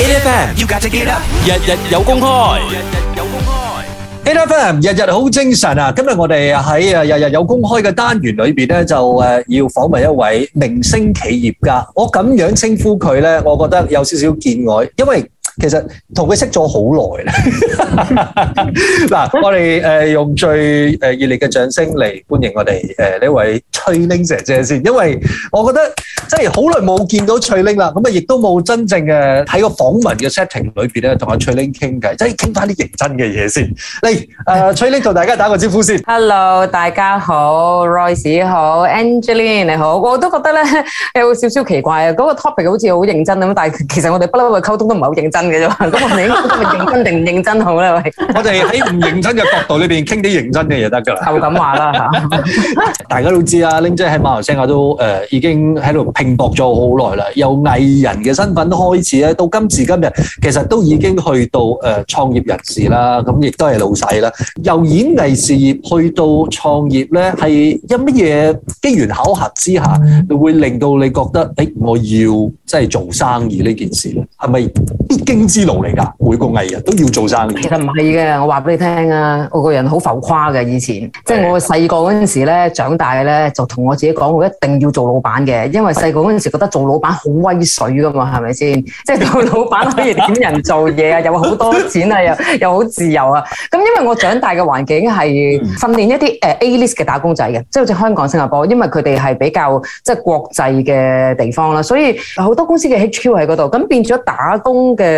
A.F.M. 要架只機啦，M, 日日有公開，日日有公開。A.F.M. 日日好精神啊！今日我哋喺日日有公開嘅單元裏面呢，就要訪問一位明星企業家。我咁樣稱呼佢呢，我覺得有少少見外，因為，其實同佢識咗好耐咧，嗱，我哋誒、呃、用最誒熱烈嘅掌聲嚟歡迎我哋誒呢位翠玲姐姐先，因為我覺得即係好耐冇見到翠玲啦，咁啊亦都冇真正嘅喺個訪問嘅 setting 裏邊咧同阿翠玲傾偈，即係傾翻啲認真嘅嘢先。嚟誒、呃，翠玲同大家打個招呼先。Hello，大家好，Royce 好，Angeline 你好，我都覺得咧有少少奇怪啊，嗰、那個 topic 好似好認真咁，但係其實我哋不嬲嘅溝通都唔係好認真。咁我哋應該認真定唔認真好咧？我哋喺唔認真嘅角度裏邊傾啲認真嘅又得㗎啦。就咁話啦嚇，大家都知啊，Ling 姐喺馬來西亞都誒已經喺度拼搏咗好耐啦，由藝人嘅身份開始咧，到今時今日，其實都已經去到誒創業人士啦。咁亦都係老細啦。由演藝事業去到創業咧，係因乜嘢機緣巧合之下會令到你覺得誒我要即係做生意呢件事咧？係咪必經工之路嚟㗎，每個藝人都要做生意。其實唔係嘅，我話俾你聽啊！我個人好浮誇嘅以前，的即係我細個嗰陣時咧，長大咧，就同我自己講，我一定要做老闆嘅，因為細個嗰陣時覺得做老闆好威水㗎嘛，係咪先？ 即係做老闆可以點人做嘢啊， 又好多錢啊，又又好自由啊。咁因為我長大嘅環境係訓練一啲誒 A-list 嘅打工仔嘅，即係好似香港、新加坡，因為佢哋係比較即係國際嘅地方啦，所以好多公司嘅 HQ 喺嗰度，咁變咗打工嘅。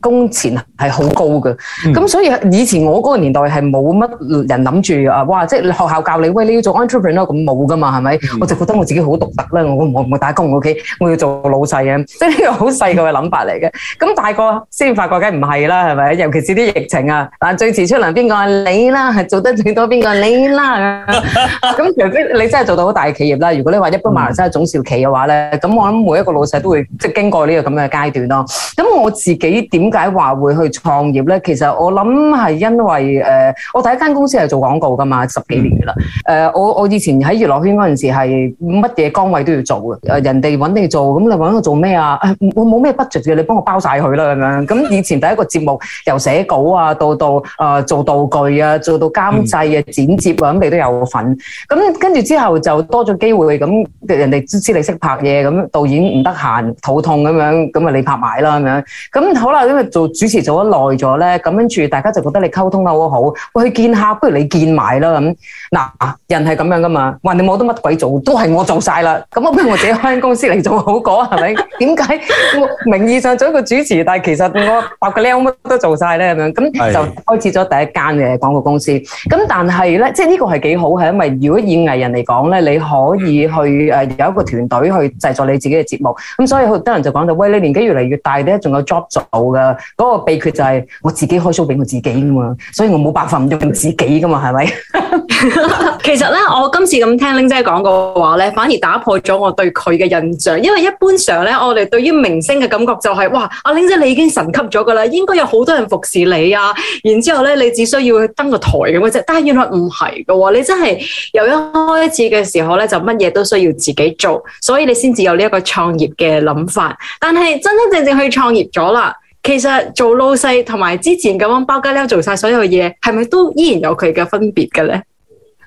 工錢係好高嘅，咁、嗯、所以以前我嗰個年代係冇乜人諗住啊，哇！即係學校教你，喂，你要做 entrepreneur 咁冇噶嘛，係咪？嗯、我就覺得我自己好獨特啦，我唔我唔打工，O、okay? K，我要做老細啊，即係呢個好細個嘅諗法嚟嘅。咁大個先發覺，梗唔係啦，係咪？尤其是啲疫情啊，嗱，最遲出糧邊個啊？你啦，係做得最多邊個？你啦，咁其實你真係做到好大企業啦。如果你話一般馬來西亞中小企嘅話咧，咁我諗每一個老細都會即係經過呢個咁嘅階段咯。咁我自己點？點解話會去創業咧？其實我諗係因為誒、呃，我第一間公司係做廣告噶嘛，十幾年噶啦。誒、呃，我我以前喺娛樂圈嗰陣時係乜嘢崗位都要做嘅。誒，人哋搵你做，咁你搵我做咩啊？我冇咩 budget 嘅，你幫我包晒佢啦咁樣。咁以前第一個節目由寫稿啊，到到誒、呃、做道具啊，做到監製啊剪接啊，咁、嗯啊、你都有份。咁跟住之後就多咗機會，咁人哋知你識拍嘢，咁導演唔得閒，肚痛咁樣，咁啊你拍埋啦咁樣。咁好啦。做主持做得耐咗咧，咁跟住大家就覺得你溝通得好好，我，去見客不如你見埋啦咁。嗱，人係咁樣噶嘛，橫掂冇得乜鬼做，都係我做晒啦。咁我不如我自己開間公司嚟做好過係咪？點解我名義上做一個主持，但係其實我百個叻乜都做晒咧咁樣，咁就開始咗第一間嘅廣告公司。咁但係咧，即係呢個係幾好，係因為如果演藝人嚟講咧，你可以去誒有一個團隊去製作你自己嘅節目。咁所以好多人就講就喂，你年紀越嚟越大咧，仲有 job 做噶。嗰個秘訣就係我自己開 show 俾我自己嘛，所以我冇辦法唔用自己噶嘛，係咪？ 其實呢，我今次咁聽玲姐講個話呢，反而打破咗我對佢嘅印象，因為一般上呢，我哋對於明星嘅感覺就係、是、哇，阿、啊、玲姐你已經神級咗噶啦，應該有好多人服侍你啊，然之後呢，你只需要去登個台咁嘅啫。但係原來唔係噶喎，你真係由一開始嘅時候呢，就乜嘢都需要自己做，所以你先至有呢一個創業嘅諗法。但係真真正正去創業咗啦。其實做老細同埋之前咁樣包家騮做晒所有嘢，係咪都依然有佢嘅分別嘅呢？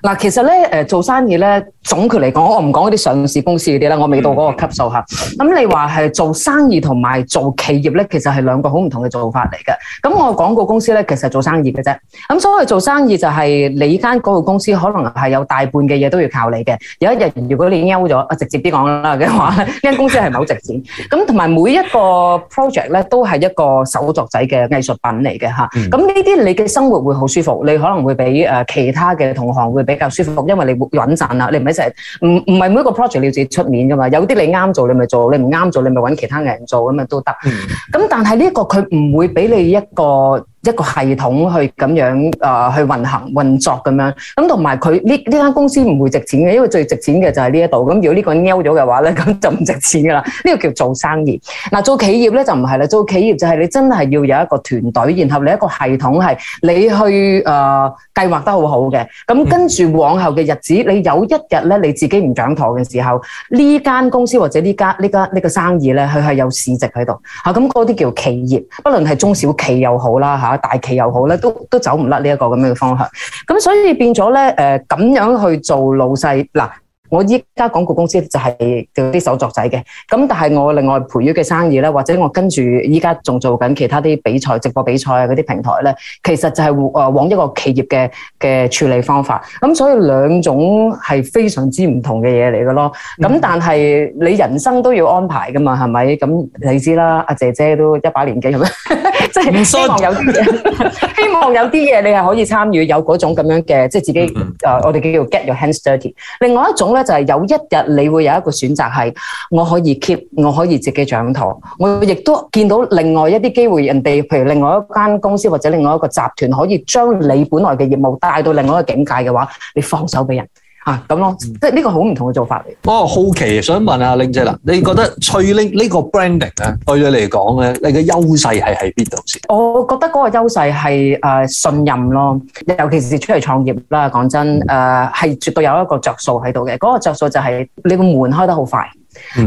嗱，其實咧，誒，做生意咧，總括嚟講，我唔講啲上市公司啲啦，我未到嗰個級數嚇。咁你話係做生意同埋做企業咧，其實係兩個好唔同嘅做法嚟嘅。咁我廣告公司咧，其實係做生意嘅啫。咁所謂做生意就係、是、你間廣告公司可能係有大半嘅嘢都要靠你嘅。有一日如果你已經休咗，直接啲講啦嘅話，呢間公司係咪好值錢？咁同埋每一個 project 咧，都係一個手作仔嘅藝術品嚟嘅嚇。咁呢啲你嘅生活會好舒服，你可能會比誒其他嘅同行會比。比較舒服，因為你穩賺啦，你唔係一齊，唔唔係每一個 project 你要自己出面噶嘛，有啲你啱做你咪做，你唔啱做你咪搵其他人做咁啊都得。咁、嗯、但係呢個佢唔會俾你一個一個系統去咁樣誒、呃、去運行運作咁樣，咁同埋佢呢呢間公司唔會值錢嘅，因為最值錢嘅就係呢一度。咁如果呢個 out 咗嘅話咧，咁就唔值錢噶啦。呢個叫做生意。嗱、啊，做企業咧就唔係啦，做企業就係你真係要有一個團隊，然後你一個系統係你去誒、呃、計劃得好好嘅。咁、嗯、跟住往後嘅日子，你有一日咧你自己唔掌舵嘅時候，呢間公司或者呢間呢間呢個生意咧，佢係有市值喺度嚇。咁嗰啲叫企業，不論係中小企又好啦嚇。啊啊啊啊啊大企又好咧，都都走唔甩呢一個咁樣嘅方向，咁所以變咗咧，誒、呃、咁樣去做老細嗱，我依家廣告公司就係做啲手作仔嘅，咁但係我另外培育嘅生意咧，或者我跟住依家仲做緊其他啲比賽、直播比賽啊嗰啲平台咧，其實就係誒往一個企業嘅嘅處理方法，咁所以兩種係非常之唔同嘅嘢嚟噶咯，咁但係你人生都要安排噶嘛，係咪？咁你知啦，阿姐姐都一把年紀咁樣。 即係希望有啲嘢，希望有啲嘢你係可以參與，有嗰種咁樣嘅，即係自己誒，我哋叫做 get your hands dirty。另外一種咧，就係有一日你會有一個選擇係，我可以 keep，我可以自己掌舵。我亦都見到另外一啲機會，人哋譬如另外一間公司或者另外一個集團可以將你本來嘅業務帶到另外一個境界嘅話，你放手俾人。吓咁咯，即係呢個好唔同嘅做法嚟。我好奇想問下玲姐啦，你覺得翠玲呢個 branding 咧對你嚟講咧，你嘅優勢係喺邊度先？我覺得嗰個優勢係誒信任咯，尤其是出嚟創業啦，講真誒係絕對有一個著數喺度嘅。嗰個著數就係你個門開得好快，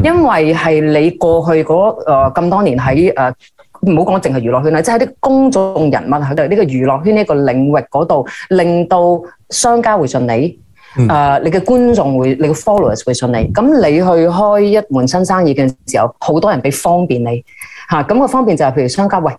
因為係你過去嗰誒咁多年喺誒唔好講淨係娛樂圈啦，即係啲公眾人物喺度呢個娛樂圈呢個領域嗰度，令到商家會信你。誒、呃，你嘅觀眾會，你嘅 followers 會信你，咁你去開一門新生意嘅時候，好多人俾方便你嚇，咁、啊嗰個方便就係譬如商家喂。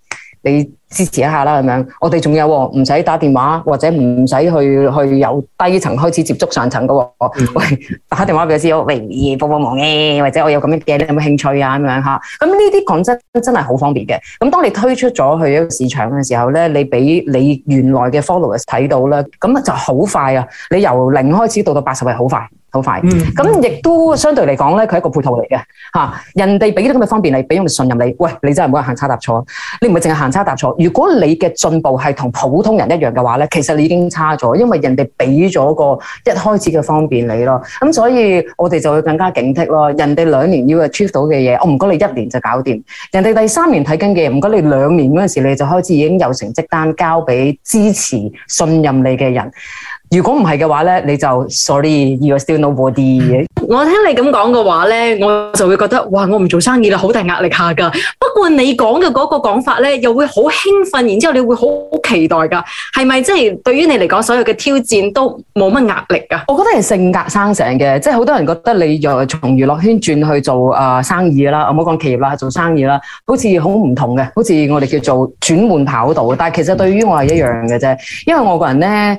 你支持一下啦，咁樣，我哋仲有喎，唔使打電話，或者唔唔使去去由低層開始接觸上層噶。嗯、喂，打電話畀佢先，喂，幫幫忙，啊，或者我有咁樣嘅，你有冇興趣啊？咁樣吓，咁呢啲講真的真係好方便嘅。咁當你推出咗去一個市場嘅時候咧，你俾你原來嘅 followers 睇到啦，咁咧就好快啊！你由零開始到到八十係好快。好快，咁亦都相對嚟講咧，佢係一個配套嚟嘅吓。人哋俾到咁嘅方便你，俾咁嘅信任你。喂，你真係唔好行差踏錯，你唔會淨係行差踏錯。如果你嘅進步係同普通人一樣嘅話咧，其實你已經差咗，因為人哋俾咗個一開始嘅方便你咯。咁所以我哋就會更加警惕咯。人哋兩年要 achieve 到嘅嘢，我唔該你一年就搞掂。人哋第三年睇緊嘅嘢，唔該你兩年嗰陣時，你就開始已經有成績單交俾支持、信任你嘅人，如果唔係嘅話咧，你就 sorry，you are still nobody。我聽你咁講嘅話呢，我就會覺得，哇！我唔做生意啦，好大壓力下噶。不過你講嘅嗰個講法呢，又會好興奮，然之後你會好期待噶，係咪？即係對於你嚟講，所有嘅挑戰都冇乜壓力噶？我覺得係性格生成嘅，即係好多人覺得你又從娛樂圈轉去做生意啦，唔好講企業啦，做生意啦，好似好唔同嘅，好似我哋叫做轉換跑道。但係其實對於我係一樣嘅啫，因為我個人呢。」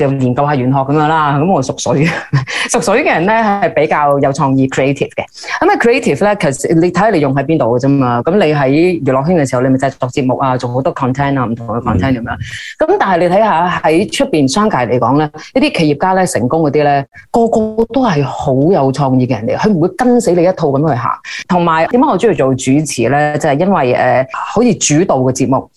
就研究下玄學咁樣啦，咁我屬水，嘅， 屬水嘅人咧係比較有創意 creative 嘅。咁啊 creative 咧，其實你睇下你用喺邊度嘅啫嘛。咁你喺娛樂圈嘅時候，你咪就係做節目啊，做好多 content、er, cont 啊、er, 嗯，唔同嘅 content 咁樣。咁但係你睇下喺出邊商界嚟講咧，一啲企業家咧成功嗰啲咧，個個都係好有創意嘅人嚟，佢唔會跟死你一套咁去行。同埋點解我中意做主持咧？就係、是、因為誒可以主導嘅節目，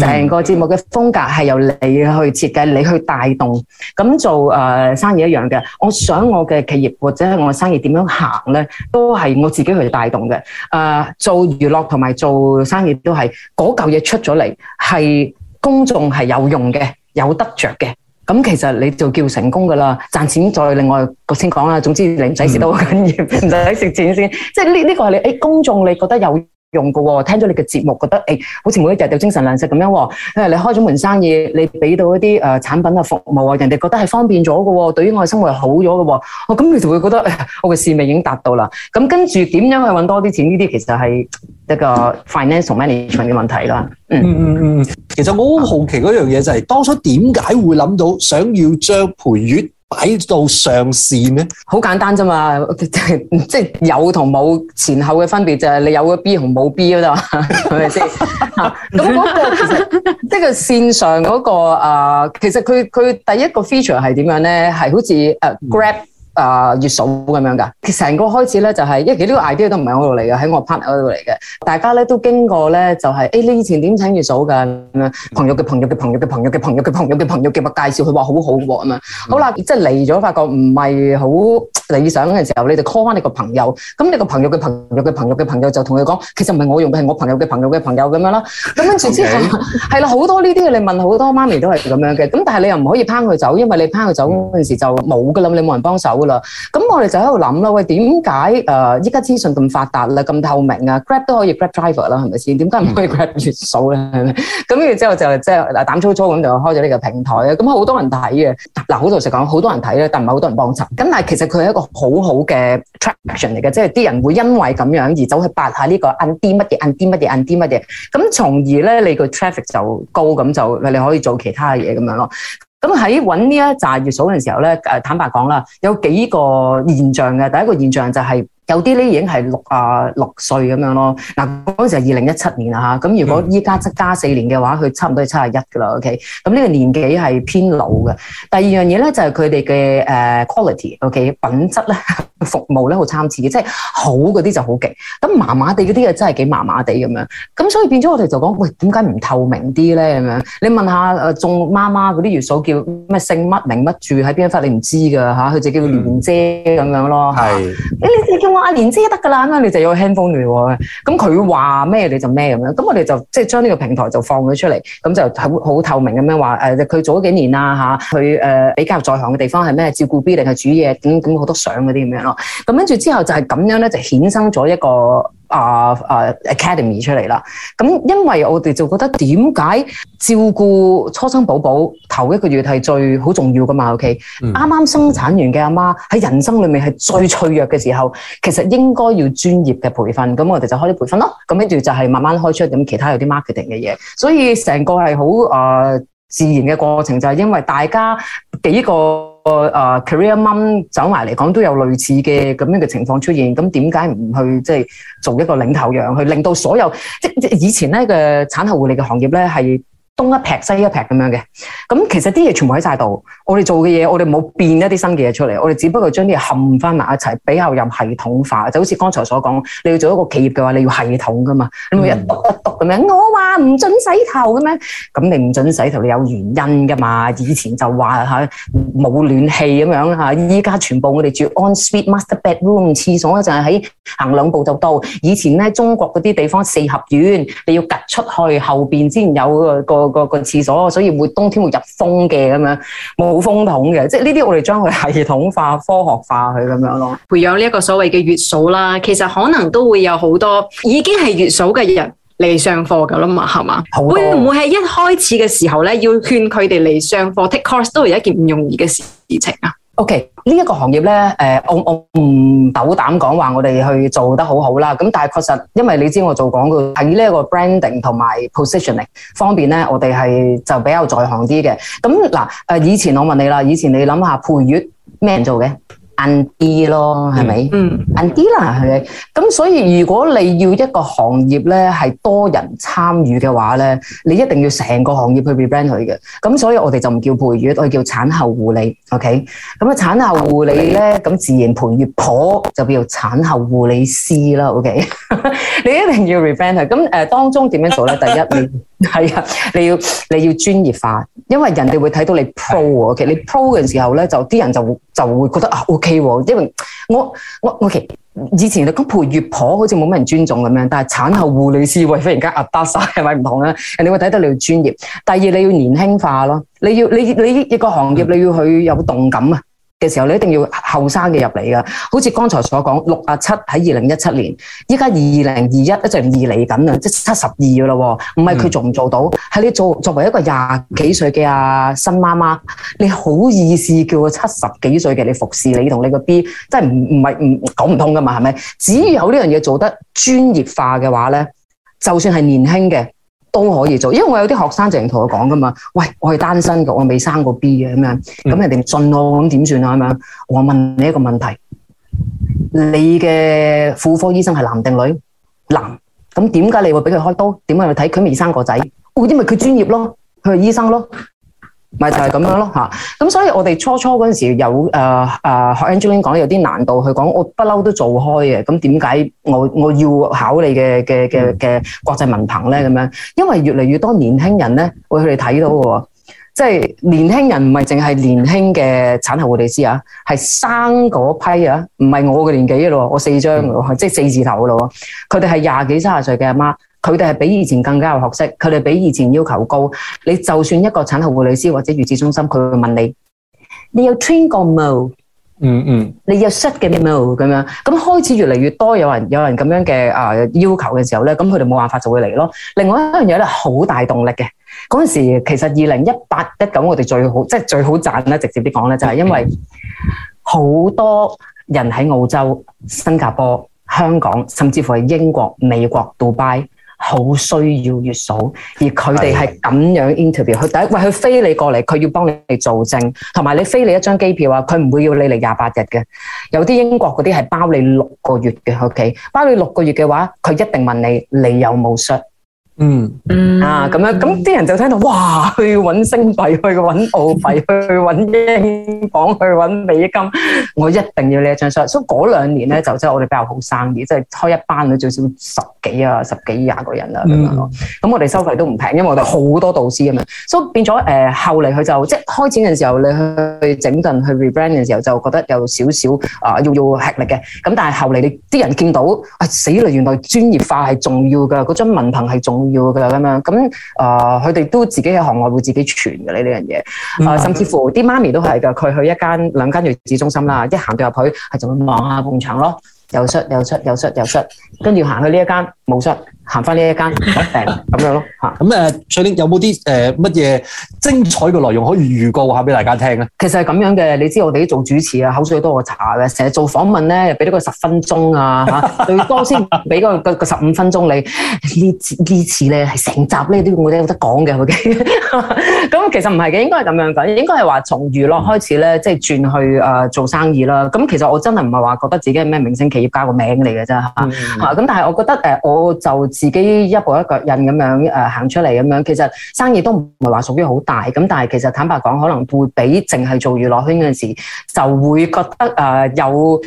成個節目嘅風格係由你去設計，你去帶動、嗯。嗯。咁做誒生意一樣嘅，我想我嘅企業或者我嘅生意點樣行呢，都係我自己去帶動嘅。誒，做娛樂同埋做生意都係嗰嚿嘢出咗嚟，係公眾係有用嘅，有得着嘅。咁其實你就叫成功㗎啦，賺錢再另外個先講啦。總之你唔使蝕得好緊要，唔使蝕錢先。即係呢呢個係你誒，公眾你覺得有用？用過喎，聽咗你嘅節目，覺得誒、欸，好似每一日有精神糧食咁樣。因、欸、為你開咗門生意，你俾到一啲誒、呃、產品啊服務啊，人哋覺得係方便咗嘅、呃，對於我嘅生活係好咗嘅。我、哦、咁你就會覺得、欸、我嘅使命已經達到啦。咁跟住點樣去搵多啲錢？呢啲其實係一個 financial management 嘅問題啦。嗯嗯嗯，嗯，嗯，其實我好好奇嗰樣嘢就係、是、當初點解會諗到想要將陪月。擺到上線咧？好簡單啫嘛，即係即係有同冇前後嘅分別就係、是、你有個 B 同冇 B 啊嘛，係咪先？咁嗰個其實即係、就是、線上嗰、那個啊、呃，其實佢佢第一個 feature 係點樣咧？係好似誒、uh, Grab。啊！月嫂咁樣㗎，其實成個開始咧就係，因為其實呢個 idea 都唔係我度嚟嘅，喺我 partner 嗰度嚟嘅。大家咧都經過咧就係，誒你以前點請月嫂㗎咁啊？朋友嘅朋友嘅朋友嘅朋友嘅朋友嘅朋友嘅朋友嘅朋友嘅話介紹，佢話好好喎咁啊。好啦，即係嚟咗發覺唔係好理想嘅時候，你就 call 翻你個朋友，咁你個朋友嘅朋友嘅朋友嘅朋友就同佢講，其實唔係我用嘅，係我朋友嘅朋友嘅朋友咁樣啦。咁跟住之後係啦，好多呢啲你問好多媽咪都係咁樣嘅，咁但係你又唔可以拋佢走，因為你拋佢走嗰陣時就冇㗎啦，你冇人幫手㗎。咁我哋就喺度諗啦，喂，點解誒依家，資訊咁發達咧，咁透明啊，grab 都可以 grab driver 啦，係咪先？點解唔可以 grab 月數咧？咁 然之後就即係嗱膽粗粗咁就開咗呢個平台咧，咁好多人睇嘅，嗱好老實講，好多人睇咧，但唔係好多人幫襯。咁但係其實佢係一個好好嘅 traction 嚟嘅，即係啲人會因為咁樣而走去八下呢個 under 乜嘢 under 乜嘢 under 乜嘢，咁從而咧你個 traffic 就高，咁就你可以做其他嘢咁樣咯。咁喺揾呢一扎月數嘅時候咧，坦白講啦，有幾個現象嘅。第一個現象就係、是。有啲咧已經係六啊六歲咁樣咯，嗱嗰陣時係二零一七年啊嚇，咁如果依家加四年嘅話，佢差唔多係七啊一噶啦，OK，咁呢個年紀係偏老嘅。第二樣嘢咧就係、是、佢哋嘅誒 quality，OK，、OK? 品質咧、服務咧好參差嘅，即係好嗰啲就好勁，咁麻麻地嗰啲嘢真係幾麻麻地咁樣，咁所以變咗我哋就講喂，點解唔透明啲咧咁樣？你問下誒眾媽媽嗰啲月嫂叫咩姓乜名乜住喺邊一忽你唔知噶嚇，佢就叫蓮姐咁、嗯、樣咯，係的、欸，你啊，連知得噶啦，咁你就要 handphone 你喎，咁佢話咩你就咩咁樣，咁我哋就即係將呢個平台放就放咗出嚟，咁就好好透明咁樣話，誒、啊，佢做咗幾年啊，嚇，佢、呃、誒比較在行嘅地方係咩？照顧 B 定係煮嘢？咁咁好多相嗰啲咁樣咯，咁跟住之後就係咁樣咧，就衍生咗一個。啊啊、uh, uh, Academy 出嚟啦，咁因為我哋就覺得點解照顧初生寶寶頭一個月係最好重要噶嘛？OK，啱啱生產完嘅阿媽喺人生裏面係最脆弱嘅時候，其實應該要專業嘅培訓，咁我哋就開啲培訓咯。咁跟住就係慢慢開出咁其他有啲 marketing 嘅嘢，所以成個係好啊自然嘅過程，就係、是、因為大家幾個。個啊 career mum 走埋嚟講，都有類似嘅咁樣嘅情況出現，咁點解唔去即係、就是、做一個領頭羊，去令到所有即以前咧嘅產後護理嘅行業咧係？東一撇西一撇咁樣嘅，咁其實啲嘢全部喺晒度。我哋做嘅嘢，我哋冇變一啲新嘅嘢出嚟，我哋只不過將啲嘢冚翻埋一齊，比較有系統化。就好似剛才所講，你要做一個企業嘅話，你要系統噶嘛。嗯、你每日讀一讀咁樣，我話唔准洗頭咁樣，咁你唔准洗頭，你有原因噶嘛？以前就話嚇冇暖氣咁樣嚇，依、啊、家全部我哋住 on-suite master bedroom 廁所就係喺行兩步就到。以前咧中國嗰啲地方四合院，你要趌出去後邊先有個個。個個廁所，所以會冬天會入風嘅咁樣，冇風筒嘅，即係呢啲我哋將佢系統化、科學化佢咁樣咯。培養呢一個所謂嘅月嫂啦，其實可能都會有好多已經係月嫂嘅人嚟上課噶啦嘛，係嘛？多會唔會喺一開始嘅時候咧，要勸佢哋嚟上課 take course 都係一件唔容易嘅事情啊？O.K. 呢一個行業咧、呃，我我唔斗膽講話我哋去做得好好啦。咁但係確實，因為你知我做廣告喺呢一個 branding 同埋 positioning 方面咧，我哋係就比較在行啲嘅。咁、嗯、嗱，以前我問你啦，以前你諗下陪月咩人做嘅？硬啲咯，係咪？嗯，硬啲啦，係咪？咁所以如果你要一個行業咧係多人參與嘅話咧，你一定要成個行業去 rebrand 佢嘅。咁所以我哋就唔叫陪月，我哋叫產後護理。OK，咁啊產後護理咧，咁自然陪月婆就叫產後護理師啦。OK，你一定要 rebrand 佢。咁誒，當中點樣做咧？第一你。係啊，你要你要專業化，因為人哋會睇到你 pro 嘅，OK？你 pro 嘅時候呢，就啲人就就會覺得啊 OK，啊因為我我我其、OK，以前嚟講陪月婆好似冇乜人尊重咁樣，但係產後護理師位、哎、忽然間 up 晒係咪唔同啊？ 人哋會睇得你要專業。第二你要年輕化咯，你要你你一個行業你要去有動感啊。嗯嘅時候，你一定要後生嘅入嚟㗎。好似剛才所講，六啊七喺二零一七年，依家二零二一，一陣二嚟緊啊，即係七十二啦。唔係佢做唔做到，係、嗯、你做作為一個廿幾歲嘅新媽媽，你好意思叫佢七十幾歲嘅你服侍你同你個 B，真係唔唔係唔講唔通㗎嘛？係咪？只要有呢樣嘢做得專業化嘅話咧，就算係年輕嘅。都可以做，因為我有啲學生成日同我講噶嘛，喂，我係單身嘅，我未生過 B 嘅咁樣，咁人哋唔信我咁點算啊？咁樣，我問你一個問題，你嘅婦科醫生係男定女？男，咁點解你會俾佢開刀？點解要睇佢未生過仔？我知咪佢專業咯，佢係醫生咯。咪就係咁樣咯，咁所以我哋初初嗰陣時有誒誒、呃呃、學 Angela 講有啲難度佢講，我不嬲都做開嘅。咁點解我我要考你嘅嘅嘅嘅國際文憑呢？咁樣，因為越嚟越多年輕人呢，我哋會睇到嘅喎，即係年輕人唔係淨係年輕嘅產後，護理師啊，係生嗰批啊，唔係我嘅年紀咯，我四張嘅喎，嗯、即係四字頭嘅咯，佢哋係廿幾卅歲嘅阿媽。佢哋係比以前更加有學識，佢哋比以前要求高。你就算一個產後護理師或者月子中心，佢會問你：你有 train 過冇？嗯嗯，你有 set h 嘅冇？咁樣咁開始越嚟越多有人有人咁樣嘅、呃、要求嘅時候呢，咁佢哋冇辦法就會嚟咯。另外一樣嘢咧，好大動力嘅嗰陣時，其實二零一八一九，我哋最好即係最好賺咧，直接啲講咧，就係、是、因為好 Okay. 多人喺澳洲、新加坡、香港，甚至乎係英國、美國、杜拜。好需要月數，而佢哋係咁樣 interview 的。佢第一，喂，佢飛你過嚟，佢要幫你做證，同埋你飛你一張機票啊，佢唔會要你嚟廿八日嘅。有啲英國嗰啲係包你六個月嘅，O K，包你六個月嘅話，佢一定問你你有冇傷？嗯嗯啊咁樣，咁啲人就聽到哇，去搵星幣，去搵澳幣， 去搵英鎊，去搵美金，我一定要呢一張相。所以嗰兩年咧就即係我哋比較好生意，即、就、係、是、開一班都最少十幾啊，十幾廿個人啊。咁樣咯。咁、嗯、我哋收費都唔平，因為我哋好多導師咁樣。所以變咗誒、呃，後嚟佢就即係開始嘅時候，你去整頓去 rebrand 嘅時候，就覺得有少少啊要要吃力嘅。咁但係後嚟你啲人見到啊、哎、死啦，原來專業化係重要噶，嗰張文憑係重要。要噶啦咁樣，佢哋、呃、都自己喺行外會自己存噶呢呢樣嘢，甚至乎啲媽咪都係噶，佢去一間兩間月子中心啦，一行到入去係就會望下埲牆咯，又摔又摔又摔又摔，跟住行去呢一間冇摔。行翻呢一間咁 樣咯嚇，咁誒，所以有冇啲誒乜嘢精彩嘅內容可以預告下俾大家聽咧？其實係咁樣嘅，你知我哋啲做主持啊，口水多過茶嘅，成日做訪問咧，又俾咗個十分鐘啊嚇， 最多先俾個個十五分鐘你呢次，次呢次咧係成集呢啲我得講嘅，我嘅咁其實唔係嘅，應該係咁樣講，應該係話從娛樂開始咧，即係轉去誒做生意啦。咁其實我真係唔係話覺得自己係咩明星企業家個名嚟嘅啫嚇，咁但係我覺得誒我就。自己一步一腳印咁樣行，呃、出嚟咁樣，其實生意都唔係話屬於好大咁，但係其實坦白講，可能會比淨係做娛樂圈嗰陣時就會覺得有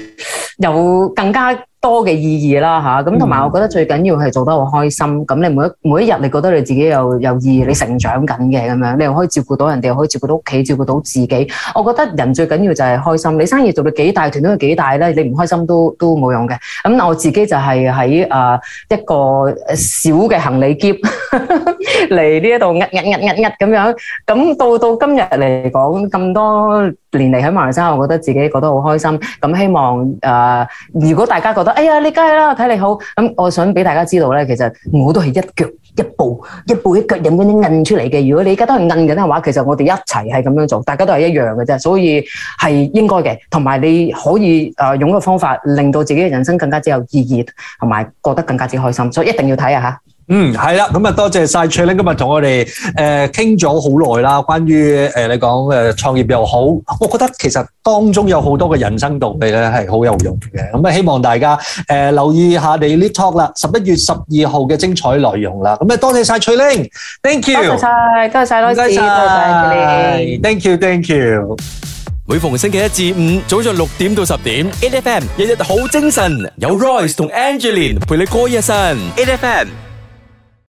有、呃、更加多嘅意義啦吓，咁同埋我覺得最緊要係做得好開心。咁你每一每一日你覺得你自己有有意義，你成長緊嘅咁樣，你又可以照顧到人哋，又可以照顧到屋企，照顧到自己。我覺得人最緊要就係開心。你生意做到幾大，團隊幾大咧，你唔開心都都冇用嘅。咁我自己就係喺啊一個小嘅行李喼嚟呢一度壓壓壓壓壓咁樣，咁到到今日嚟講咁多。年嚟喺馬來西亞，我覺得自己覺得好開心。咁希望、呃、如果大家覺得哎呀，你梗係啦，睇你好，咁我想俾大家知道咧，其實我都係一腳一步，一步一腳，忍嗰啲韌出嚟嘅。如果你而家都係韌嘅話，其實我哋一齊係咁樣做，大家都係一樣嘅啫。所以係應該嘅，同埋你可以誒用個方法，令到自己嘅人生更加之有意義，同埋覺得更加之開心。所以一定要睇吓。嗯，係啦，咁啊多謝晒翠玲今日同我哋誒傾咗好耐啦，關於誒你講誒創業又好，我覺得其實當中有好多嘅人生道理咧，係好有用嘅。咁啊希望大家誒留意下你呢 talk 啦，十一月十二號嘅精彩內容啦。咁啊多謝晒翠玲，thank you，多謝晒，多謝晒，多謝多謝，thank you，thank you。每逢星期一至五，早上六點到十點，AiFM 日日好精神，有 Royce 同 Angelin 陪你過一晨，AiFM。